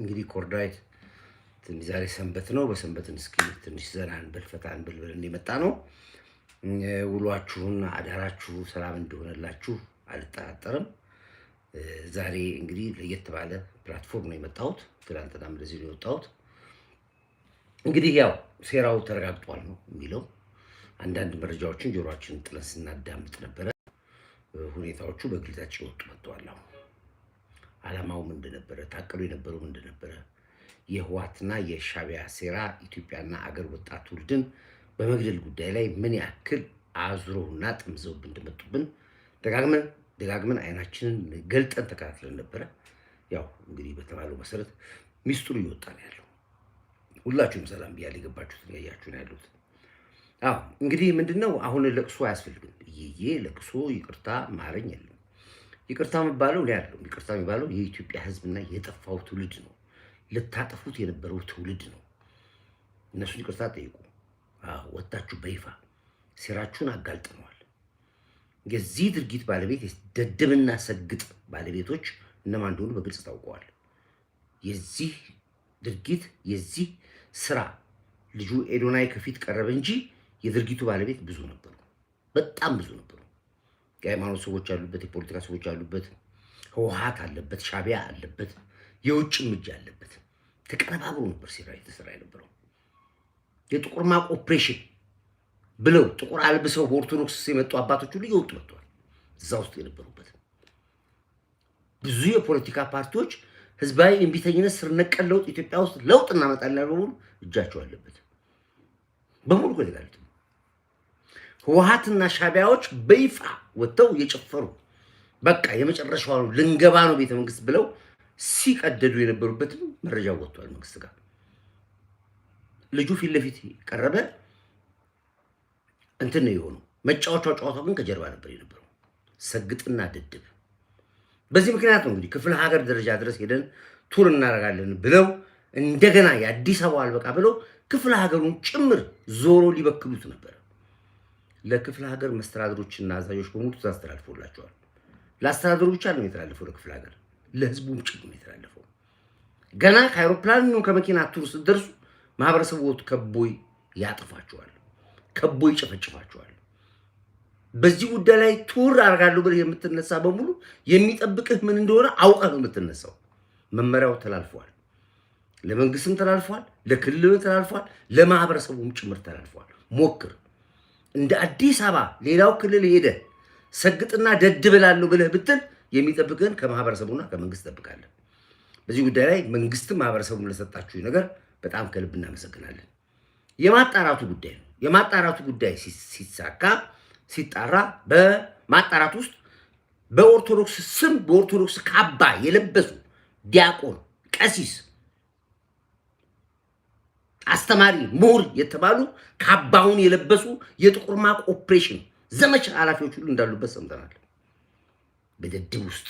እንግዲህ ኮርዳይት ትንሽ ዛሬ ሰንበት ነው። በሰንበትን እስኪ ትንሽ ዘና በልፈታን ፈታ እንበል የመጣ ነው። ውሏችሁን አዳራችሁ ሰላም እንደሆነላችሁ አልጠራጠርም። ዛሬ እንግዲህ ለየት ባለ ፕላትፎርም ነው የመጣሁት። ትናንትናም እንደዚህ ነው የወጣሁት። እንግዲህ ያው ሴራው ተረጋግጧል ነው የሚለው። አንዳንድ መረጃዎችን ጆሮችን ጥለን ስናዳምጥ ነበረ። ሁኔታዎቹ በግልጻቸው ይወጡ መጥተዋል። አላማውም እንደነበረ ታቅዶ የነበረውም እንደነበረ የህዋትና የሻቢያ ሴራ ኢትዮጵያና አገር ወጣት ትውልድን በመግደል ጉዳይ ላይ ምን ያክል አዙረውና ጥምዘውብን እንደመጡብን ደጋግመን ደጋግመን አይናችንን ገልጠን ተከታትለን ነበረ። ያው እንግዲህ በተባለው መሰረት ሚስጥሩ እየወጣ ነው ያለው። ሁላችሁም ሰላም ብያል የገባችሁትን ያያችሁ ነው ያሉት። አዎ እንግዲህ ምንድነው አሁን ለቅሶ አያስፈልግም። እየዬ ለቅሶ ይቅርታ ማረኝ የለም ይቅርታ የሚባለው ላይ ያለው ይቅርታ የሚባለው የኢትዮጵያ ሕዝብና የጠፋው ትውልድ ነው። ልታጠፉት የነበረው ትውልድ ነው። እነሱን ይቅርታ ጠይቁ። ወታችሁ በይፋ ሴራችሁን አጋልጥነዋል። የዚህ ድርጊት ባለቤት ደደብና ሰግጥ ባለቤቶች እነማን እንደሆኑ በግልጽ ታውቀዋል። የዚህ ድርጊት የዚህ ስራ ልጁ ኤዶናይ ከፊት ቀረበ እንጂ የድርጊቱ ባለቤት ብዙ ነበሩ፣ በጣም ብዙ ነበሩ። የሃይማኖት ሰዎች ያሉበት፣ የፖለቲካ ሰዎች ያሉበት፣ ህወሀት አለበት፣ ሻቢያ አለበት፣ የውጭ ምጅ አለበት። ተቀነባብሮ ነበር ሴራ የተሰራ የነበረው የጥቁር ማቅ ኦፕሬሽን ብለው ጥቁር አልብሰው በኦርቶዶክስ የመጡ አባቶች ሁሉ የውጥ መጥተዋል። እዛ ውስጥ የነበሩበት ብዙ የፖለቲካ ፓርቲዎች ህዝባዊ እምቢተኝነት ስር ነቀል ለውጥ ኢትዮጵያ ውስጥ ለውጥ እናመጣለን በሙሉ እጃቸው አለበት በሙሉ ህወሓትና ሻቢያዎች በይፋ ወጥተው እየጨፈሩ በቃ የመጨረሻው ልንገባ ነው ቤተ መንግስት ብለው ሲቀደዱ የነበሩበትም መረጃ ወጥቷል። መንግስት ጋር ልጁ ፊት ለፊት ቀረበ። እንትን ነው የሆነው። መጫወቻው ጨዋታው ግን ከጀርባ ነበር የነበረው። ሰግጥና ድድብ። በዚህ ምክንያት ነው እንግዲህ ክፍለ ሀገር ደረጃ ድረስ ሄደን ቱር እናደርጋለን ብለው እንደገና የአዲስ አበባ አልበቃ ብለው ክፍለ ሀገሩን ጭምር ዞሮ ሊበክሉት ነበር። ለክፍለ ሀገር መስተዳድሮችና አዛዦች በሙሉ ትእዛዝ ተላልፎላቸዋል። ለአስተዳደሩ ብቻ ነው የተላለፈው፣ ለክፍለ ሀገር ለህዝቡም ውጭ ነው የተላለፈው። ገና ከአይሮፕላን ከመኪና ቱር ስትደርሱ ማህበረሰቡ ወጥ ከቦይ ያጥፋቸዋል፣ ከቦይ ይጨፈጭፋቸዋል። በዚህ ጉዳይ ላይ ቱር አደርጋለሁ ብለህ የምትነሳ በሙሉ የሚጠብቅህ ምን እንደሆነ አውቀህ ነው የምትነሳው። መመሪያው ተላልፏል፣ ለመንግስትም ተላልፏል፣ ለክልልም ተላልፏል፣ ለማህበረሰቡም ጭምር ተላልፏል። ሞክር። እንደ አዲስ አበባ ሌላው ክልል ሄደ ሰግጥና ደድ እላለሁ ብለህ ብትል የሚጠብቅህን ከማህበረሰቡና ከመንግስት ጠብቃለን። በዚህ ጉዳይ ላይ መንግስትም ማህበረሰቡን ለሰጣችሁ ነገር በጣም ከልብ እናመሰግናለን። የማጣራቱ ጉዳይ ነው። የማጣራቱ ጉዳይ ሲሳካ ሲጣራ በማጣራት ውስጥ በኦርቶዶክስ ስም በኦርቶዶክስ ካባ የለበሱ ዲያቆን፣ ቀሲስ አስተማሪ፣ ምሁር የተባሉ ካባውን የለበሱ የጥቁር ማቅ ኦፕሬሽን ዘመቻ ኃላፊዎች ሁሉ እንዳሉበት ሰምተናል። በደድብ ውስጥ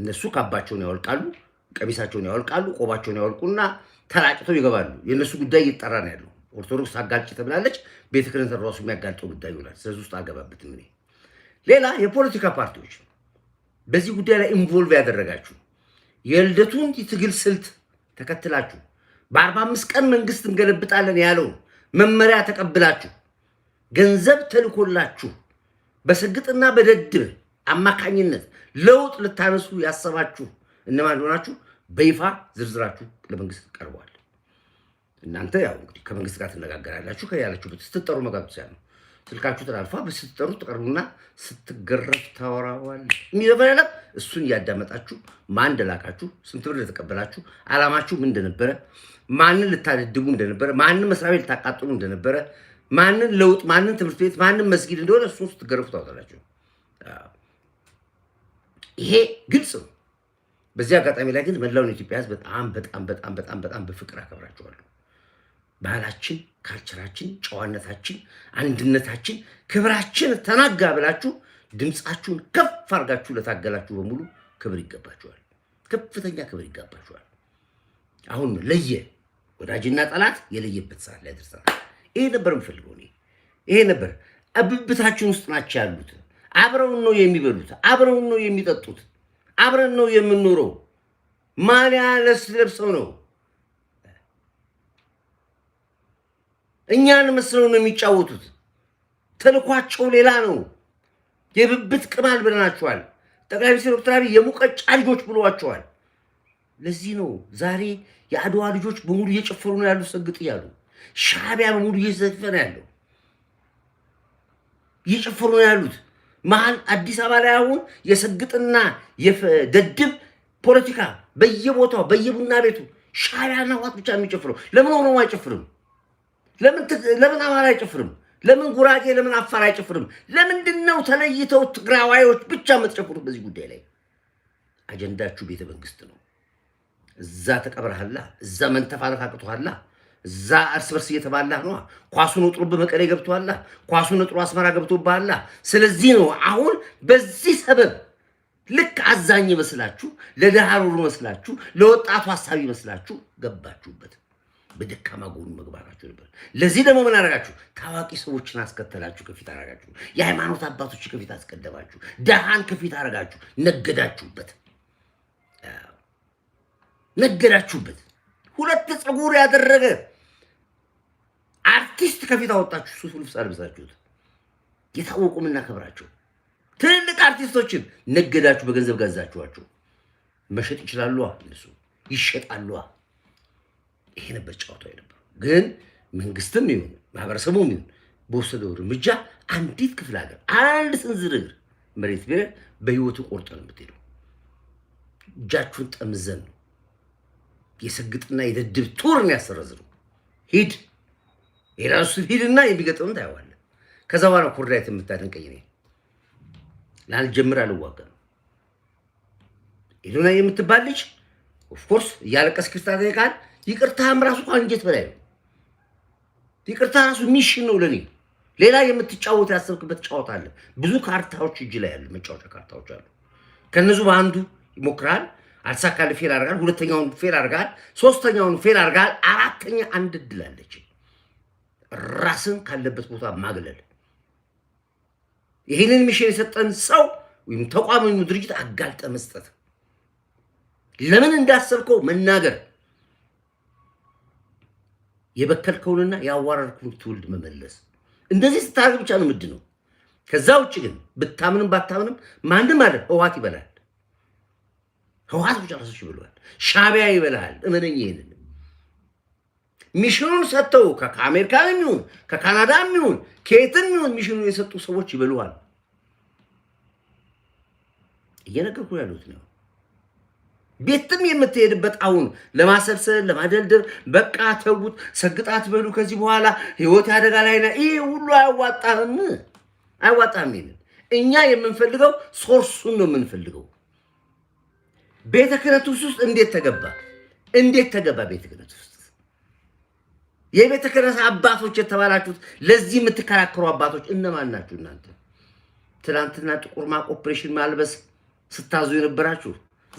እነሱ ካባቸውን ያወልቃሉ፣ ቀሚሳቸውን ያወልቃሉ፣ ቆባቸውን ያወልቁና ተላጭተው ይገባሉ። የእነሱ ጉዳይ እየጠራ ነው ያለው። ኦርቶዶክስ አጋልጭ ተብላለች። ቤተክርስቲያን ክርስቲያን ራሱ የሚያጋልጠው ጉዳይ ይሆናል። ስለዚህ ውስጥ አገባበትም እኔ። ሌላ የፖለቲካ ፓርቲዎች በዚህ ጉዳይ ላይ ኢንቮልቭ ያደረጋችሁ የልደቱን ትግል ስልት ተከትላችሁ በአርባ አምስት ቀን መንግስት እንገለብጣለን ያለውን መመሪያ ተቀብላችሁ ገንዘብ ተልኮላችሁ በስግጥና በደድብ አማካኝነት ለውጥ ልታነሱ ያሰባችሁ እነማን እንደሆናችሁ በይፋ ዝርዝራችሁ ለመንግስት ቀርቧል። እናንተ ያው እንግዲህ ከመንግስት ጋር ትነጋገራላችሁ። ከያላችሁበት ስትጠሩ መጋብቻ ነው። ስልካችሁ ተላልፋ በስትጠሩ ትቀርቡና ስትገረፍ ታወራዋል የሚለበለለ እሱን እያዳመጣችሁ ማን እንደላካችሁ ስንት ብር እንደተቀበላችሁ አላማችሁ ምን እንደነበረ ማንን ልታደድቡ እንደነበረ ማንን መስሪያ ቤት ልታቃጥሉ እንደነበረ ማንን ለውጥ ማንን ትምህርት ቤት ማንን መስጊድ እንደሆነ እሱን ስትገረፉ ታወጣላችሁ። ይሄ ግልጽ ነው። በዚህ አጋጣሚ ላይ ግን መላውን ኢትዮጵያ ሕዝብ በጣም በጣም በጣም በጣም በጣም በፍቅር አከብራችኋለሁ። ባህላችን፣ ካልቸራችን፣ ጨዋነታችን፣ አንድነታችን፣ ክብራችን ተናጋ ብላችሁ ድምፃችሁን ከፍ አድርጋችሁ ለታገላችሁ በሙሉ ክብር ይገባችኋል። ከፍተኛ ክብር ይገባችኋል። አሁን ለየ ወዳጅና ጠላት የለየበት ሰዓት ላይ ደርሰናል። ይሄ ነበር የምፈልገው እኔ ይሄ ነበር። ብብታችን ውስጥ ናቸው ያሉት። አብረውን ነው የሚበሉት፣ አብረውን ነው የሚጠጡት፣ አብረን ነው የምንኖረው። ማሊያ ለብሰው ነው እኛን መስለው ነው የሚጫወቱት። ተልኳቸው ሌላ ነው። የብብት ቅማል ብለናቸዋል። ጠቅላይ ሚኒስትር ዶክተር አብይ የሙቀጫ ልጆች ብሏቸዋል። ለዚህ ነው ዛሬ የአድዋ ልጆች በሙሉ እየጨፈሩ ነው ያሉ፣ ሰግጥ እያሉ ሻቢያ በሙሉ እየዘፈነ ያለው እየጨፈሩ ነው ያሉት። መሀል አዲስ አበባ ላይ አሁን የሰግጥና የደድብ ፖለቲካ በየቦታው በየቡና ቤቱ ሻቢያና ዋት ብቻ የሚጨፍረው ለምን ሆነ አይጨፍርም? ለምን አማራ አይጨፍርም? ለምን ጉራጌ፣ ለምን አፋር አይጨፍርም? ለምንድን ነው ተለይተው ትግራዋዮች ብቻ የምትጨፍሩት? በዚህ ጉዳይ ላይ አጀንዳችሁ ቤተ መንግስት ነው። እዛ ተቀብረሃላ፣ እዛ መንተፋረፍ አቅቶሃላ፣ እዛ እርስ በርስ እየተባላህ ነዋ። ኳሱን ውጥሩ በመቀሌ ገብቶሃላ፣ ኳሱን ውጥሩ አስመራ ገብቶባሃላ። ስለዚህ ነው አሁን በዚህ ሰበብ ልክ አዛኝ ይመስላችሁ፣ ለደሃሩ መስላችሁ፣ ለወጣቱ ሀሳብ ይመስላችሁ ገባችሁበት። በደካማ ጎኑ መግባታችሁ ነበር። ለዚህ ደግሞ ምን አረጋችሁ? ታዋቂ ሰዎችን አስከተላችሁ፣ ከፊት አረጋችሁ፣ የሃይማኖት አባቶች ከፊት አስቀደማችሁ። ደሃን ከፊት አረጋችሁ፣ ነገዳችሁበት፣ ነገዳችሁበት። ሁለት ፀጉር ያደረገ አርቲስት ከፊት አወጣችሁ። ሱፍ ልብስ አልብሳችሁት። የታወቁ የምናከብራቸው ትልልቅ አርቲስቶችን ነገዳችሁ፣ በገንዘብ ገዛችኋቸው። መሸጥ ይችላሉ፣ እነሱ ይሸጣሉ። ይሄ ነበር ጨዋታው የነበረው። ግን መንግስትም ይሁን ማህበረሰቡም ይሁን በወሰደው እርምጃ አንዲት ክፍለ ሀገር አንድ ስንዝር እግር መሬት ቢረ በህይወቱ ቆርጠን ነው የምትሄደው። እጃችሁን ጠምዘን ነው የሰግጥና የደድብ ቱር የሚያሰረዝሩ ሂድ የራሱ ሂድና የሚገጥም ታየዋለን። ከዛ በኋላ ኮርዳይት የምታደንቀኝ እኔ ላልጀምር አልዋጋም። ኢሉና የምትባል ልጅ ኦፍኮርስ እያለቀስ ክርስታ ቃል ይቅርታህም ራሱ እንኳን በላይ ነው። ይቅርታ ራሱ ሚሽን ነው ለኔ። ሌላ የምትጫወት ያሰብክበት ጫወታ አለ። ብዙ ካርታዎች እጅ ላይ ያለ መጫወቻ ካርታዎች አሉ። ከነዙ በአንዱ ይሞክራል፣ አልሳካል፣ ፌል አርጋል። ሁለተኛውን ፌል አርጋል፣ ሶስተኛውን ፌል አርጋል። አራተኛ አንድ እድል አለች። ራስን ካለበት ቦታ ማግለል። ይህንን ሚሽን የሰጠን ሰው ወይም ተቋም ወይም ድርጅት አጋልጠ መስጠት፣ ለምን እንዳሰብከው መናገር የበከልከውንና ያዋረድከውን ትውልድ መመለስ። እንደዚህ ስታደርግ ብቻ ነው ምድ ነው። ከዛ ውጭ ግን ብታምንም ባታምንም ማንም አለ ህወሓት ይበላል። ህወሓት ብቻ ራሶች ይበሏል። ሻቢያ ይበላል። እመነኝ ይሄንን ሚሽኑን ሰጥተው ከአሜሪካ የሚሆን ከካናዳ የሚሆን ከየትን የሚሆን ሚሽኑን የሰጡ ሰዎች ይበሉሃል። እየነገርኩ ያሉት ነው። ቤትም የምትሄድበት አሁን ለማሰብሰብ ለማደልደብ በቃ ተውት፣ ሰግጣት በሉ። ከዚህ በኋላ ህይወት አደጋ ላይ ነው። ይሄ ሁሉ አያዋጣህም፣ አያዋጣህም። ይሄንን እኛ የምንፈልገው ሶርሱን ነው የምንፈልገው። ቤተ ክህነት ውስጥ እንዴት ተገባ? እንዴት ተገባ? ቤተ ክህነት ውስጥ የቤተ ክህነት አባቶች የተባላችሁት ለዚህ የምትከራከሩ አባቶች እነማን ናችሁ? እናንተ ትናንትና ጥቁር ማቅ ኦፕሬሽን ማልበስ ስታዙ የነበራችሁ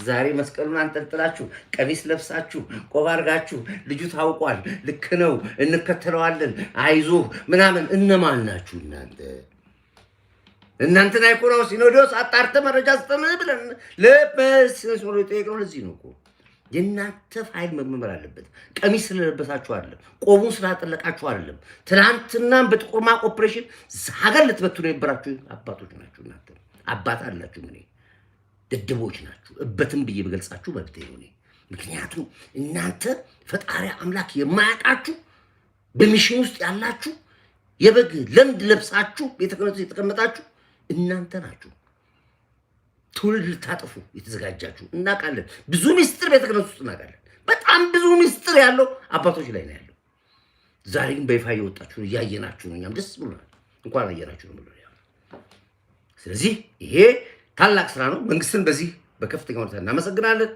ዛሬ መስቀሉን አንጠልጥላችሁ ቀሚስ ለብሳችሁ ቆብ አድርጋችሁ ልጁ ታውቋል፣ ልክ ነው፣ እንከተለዋለን፣ አይዞህ ምናምን እነማን ናችሁ እናንተ? እናንተና አይኮናው ሲኖዶስ አጣርተ መረጃ ስጠምህ ብለን ለበስስ ብሎ የጠየቅነው ለዚህ ነው እኮ። የእናንተ ፋይል መመመር አለበት። ቀሚስ ስለለበሳችሁ አይደለም፣ ቆቡን ስላጠለቃችሁ አይደለም። ትናንትናም በጥቁርማ ኦፕሬሽን ሀገር ልትበትኑ የነበራችሁ አባቶች ናችሁ። እናንተ አባት አላችሁ እኔ ደደቦች ናችሁ። እበትም ብዬ በገልጻችሁ መብት ነው። ምክንያቱም እናንተ ፈጣሪ አምላክ የማያውቃችሁ በሚሽን ውስጥ ያላችሁ የበግ ለምድ ለብሳችሁ ቤተ ክህነት የተቀመጣችሁ እናንተ ናችሁ። ትውልድ ልታጠፉ የተዘጋጃችሁ እናውቃለን። ብዙ ሚስጥር ቤተ ክህነት ውስጥ እናውቃለን። በጣም ብዙ ሚስጥር ያለው አባቶች ላይ ነው ያለው። ዛሬ ግን በይፋ እየወጣችሁ እያየናችሁ ነው። እኛም ደስ ብሎናል። እንኳን አየናችሁ ነው። ስለዚህ ይሄ ታላቅ ስራ ነው። መንግስትን በዚህ በከፍተኛ ሁኔታ እናመሰግናለን።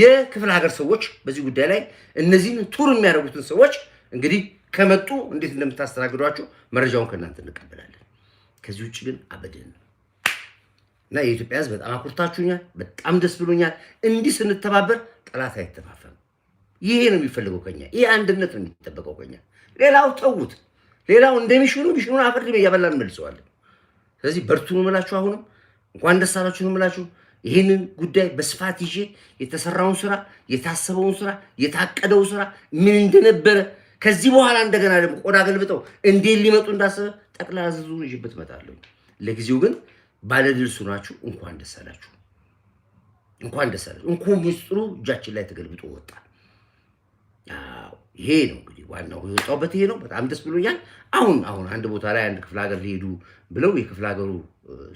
የክፍለ ሀገር ሰዎች በዚህ ጉዳይ ላይ እነዚህን ቱር የሚያደርጉትን ሰዎች እንግዲህ ከመጡ እንዴት እንደምታስተናግዷቸው መረጃውን ከእናንተ እንቀበላለን። ከዚህ ውጭ ግን አበድን እና የኢትዮጵያ ህዝብ በጣም አኩርታችሁኛል። በጣም ደስ ብሎኛል። እንዲህ ስንተባበር ጠላት አይተፋፈም። ይሄ ነው የሚፈልገው ከኛ። ይሄ አንድነት ነው የሚጠበቀው ከኛ። ሌላው ተዉት። ሌላው እንደሚሽኑ ቢሽኑን አፈር እያበላን መልሰዋለን። ስለዚህ በርቱ ነው የምላችሁ አሁንም እንኳን ደስ አላችሁ ነው የምላችሁ። ይህንን ጉዳይ በስፋት ይዤ የተሰራውን ስራ፣ የታሰበውን ስራ፣ የታቀደው ስራ ምን እንደነበረ ከዚህ በኋላ እንደገና ደግሞ ቆዳ ገልብጠው እንዴት ሊመጡ እንዳሰበ ጠቅላላ ዝርዝሩን ይዤበት እመጣለሁ። ለጊዜው ግን ባለድርሱ ናችሁ። እንኳን ደስ አላችሁ፣ እንኳን ደስ አላችሁ። እንኳን ምስጢሩ እጃችን ላይ ተገልብጦ ወጣል። ይሄ ነው እንግዲህ ዋናው የወጣሁበት ይሄ ነው። በጣም ደስ ብሎኛል። አሁን አሁን አንድ ቦታ ላይ አንድ ክፍለ ሀገር ሊሄዱ ብለው የክፍለ ሀገሩ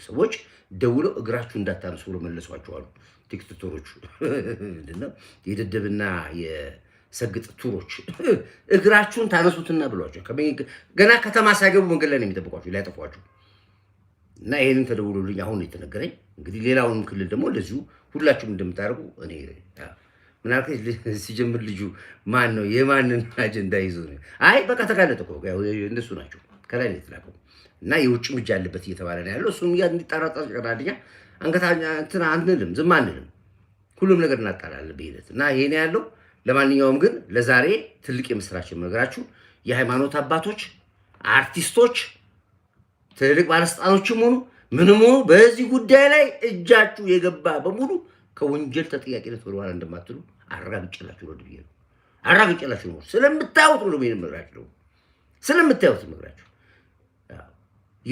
ሰዎች ደውለው እግራችሁ እንዳታነሱ ብሎ መለሷቸዋሉ። ቲክቶሮቹ ምንድነው የደደብና የሰግጥ ቱሮች እግራችሁን ታነሱትና ብሏቸው ገና ከተማ ሳይገቡ መንገድ ላይ ነው የሚጠብቋቸው ሊያጠፏቸው እና ይህንን ተደውሎልኝ አሁን የተነገረኝ እንግዲህ ሌላውንም ክልል ደግሞ እንደዚሁ ሁላችሁም እንደምታደርጉ እኔ ምናልከኝ ሲጀምር ልጁ ማን ነው? የማንን አጀንዳ ይዞ ነው? አይ በቃ ተጋለጠ እንደሱ ናቸው። ከላይ ነው የተላከው እና የውጭ እጅ አለበት እየተባለ ነው ያለው። እሱም ያ እንዲጣራጣ ጭራድኛ አንገታችን አንልም፣ ዝም አንልም። ሁሉም ነገር እናጣራለን በሂደት እና ይሄ ነው ያለው። ለማንኛውም ግን ለዛሬ ትልቅ የምስራችን ነገራችሁ የሃይማኖት አባቶች፣ አርቲስቶች፣ ትልልቅ ባለስልጣኖችም ሆኑ ምንም ሆኑ በዚህ ጉዳይ ላይ እጃችሁ የገባ በሙሉ ከወንጀል ተጠያቂነት ወደኋላ እንደማትሉ አራግጬላችሁ ነው ብዬ ነው። አራግጬላችሁ ነው ስለምታዩት ነው ብዬ የምነግራችሁ ነው። ስለምታዩት የምነግራችሁ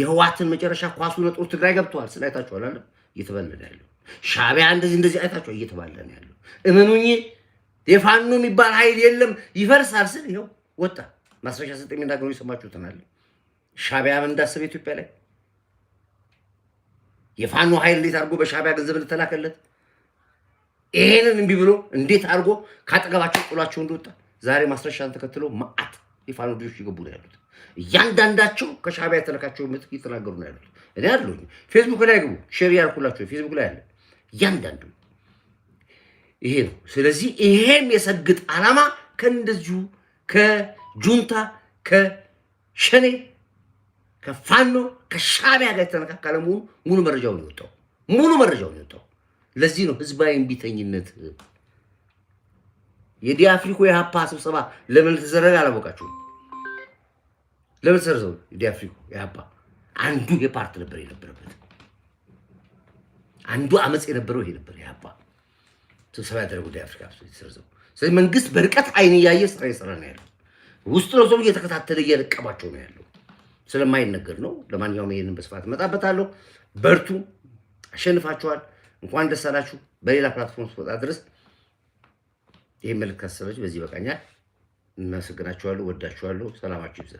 የህዋትን መጨረሻ ኳሱ ጦር ትግራይ ገብተዋል። ስለ አይታችኋል አለ እየተባለነ ያለው ሻቢያ እንደዚህ እንደዚህ አይታችኋል እየተባለነ ያለው እመኑኝ፣ የፋኖ የሚባል ኃይል የለም ይፈርሳል ስል ይኸው ወጣ ማስረሻ ሰጠኝ እንዳገሩ ይሰማችሁትናል። ሻቢያ እንዳሰበ ኢትዮጵያ ላይ የፋኖ ኃይል እንዴት አድርጎ በሻዕቢያ ገንዘብ እንተላከለት ይሄንን እምቢ ብሎ እንዴት አድርጎ ከአጠገባቸው ጥሏቸው እንደወጣ ዛሬ ማስረሻን ተከትሎ መዓት የፋኖ ልጆች ይገቡ ነው ያሉት። እያንዳንዳቸው ከሻቢያ የተለካቸው ምት እየተናገሩ ነው ያሉት። እኔ አለሁኝ ፌስቡክ ላይ ግቡ፣ ሼር ያልኩላቸው ፌስቡክ ላይ አለ እያንዳንዱ ይሄ ነው። ስለዚህ ይሄም የሰግጥ ዓላማ ከእንደዚሁ ከጁንታ ከሸኔ ከፋኖ ከሻቢያ ጋር የተነካካለ መሆኑ ሙሉ መረጃውን የወጣው ሙሉ መረጃውን የወጣው ለዚህ ነው ህዝባዊ እምቢተኝነት። የዲአፍሪኮ የሀፓ ስብሰባ ለምን ተዘረገ አላወቃችሁም? ለምን ተዘረዘው? የዲአፍሪኮ የሀፓ አንዱ የፓርት ነበር የነበረበት አንዱ አመፅ የነበረው ይሄ ነበር። የሀፓ ስብሰባ ያደረጉት የአፍሪካ ተዘረዘው። ስለዚህ መንግስት በርቀት አይን እያየ ስራ የሰራ ነው ያለው። ውስጥ ነው ሰው እየተከታተለ እየለቀባቸው ነው ያለው። ስለማይነገር ነው። ለማንኛውም ይህንን በስፋት እመጣበታለሁ። በርቱ፣ አሸንፋችኋል። እንኳን ደስ አላችሁ። በሌላ ፕላትፎርም ስወጣ ድረስ ይህ መልክ ካሰበች በዚህ በቃኛል። እናመሰግናችኋለሁ። ወዳችኋለሁ። ሰላማችሁ ይብዛ።